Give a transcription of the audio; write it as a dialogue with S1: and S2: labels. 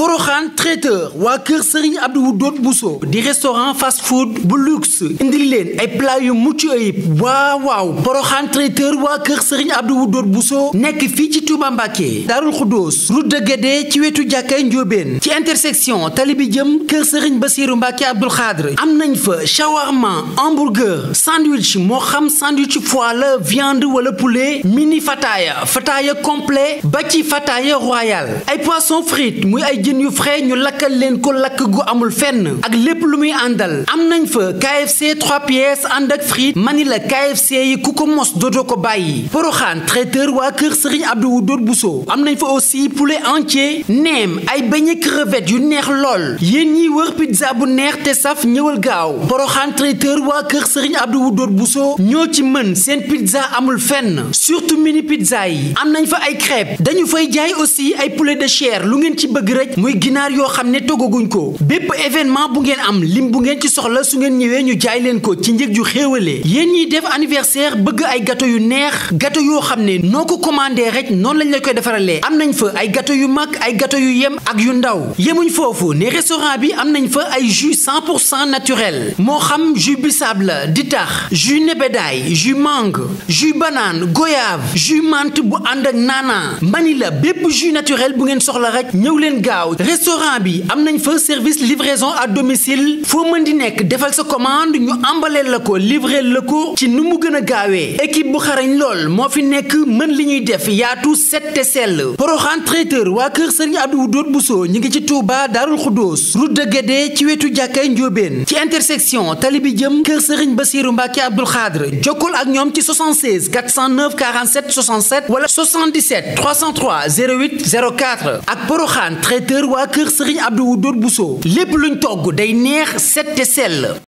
S1: Poroxaan traiteur waa kër Serigne Abdou Wadoud Bousso di restaurant fast food bu luxe indi leen ay plat yu mucc ayib waaw waaw Poroxaan traiteur waa kër Serigne Abdou Wadoud Bousso nekk fii ci Touba Mbacké Daarul Xuddoos route de ci wetu jàkkay Njóobeen ci intersection tali bi jëm kër Serigne Bassirou Mbacké Abdoul Khadre am nañ fa shawarma hamburger sandwich moo xam sandwich fois la viande wala poulet mini fataaya fataaya complet ba ci fataaya royal ay poisson jën yu frais ñu lakkal leen ko lakk gu amul fenn ak lépp lu muy àndal am nañ fa KFC 3 pièces ànd ak frites mani la KFC yi ku ko mos dootoo ko bàyyi Poroxaan traiteur waa kër Serigne Abdou Wadoud Bousso am nañ fa aussi poulet entier neem ay beignet crevettes yu neex lool yéen ñi wër pizza bu neex te saf ñëwal gaaw Poroxaan traiteur waa kër sëriñ Serigne Abdou Wadoud Bousso ñoo ci mën seen pizza amul fenn surtout mini pizza yi am nañ fa ay crêpes dañu fay jaay aussi ay poulet de chair lu ngeen ci bëgg rek muy ginaar yoo xam ne toggaguñ ko bépp événement bu ngeen am lim bu ngeen ci soxla su ngeen ñëwee ñu jaay leen ko ci njëg yu xéewalee yéen ñiy def anniversaire bëgg ay gato yu neex gato yoo xam ne noo ko commandé rek noonu lañ la koy defaralee am nañ fa ay gato yu mag ay gato yu yem ak yu ndaw yemuñ foofu ne restaurant bi am nañ fa ay jus 100 cent naturel moo xam jus bissap la di tax jus nebedaay jus mangue jus banane goyave jus menthe bu ànd ak naana mani la bépp jus naturel bu ngeen soxla rek ñëw leen gaaw gaaw bi am nañ fa service livraison à domicile foo mën di nekk defal sa commande ñu embaleel la ko livreel la ko ci nu mu gën a gaawee équipe bu xarañ lool moo fi nekk mën li ñuy def yaatu set te sell Porokhane traiteur waa kër Serigne Abdou Doot Bousso ñu ngi ci Touba Darul Khoudoos route de Guédé ci wetu jàkkay Njóobeen ci intersection tali bi jëm kër Serigne Bassirou Mbacké Abdoul Khadre jokkul ak ñoom ci 76 409 47 67 wala 77 303 08 04 ak Porokhane traiteur kër waa kër sëriñ Abdou Wadoud Bousso lépp luñ togg day neex sete te sell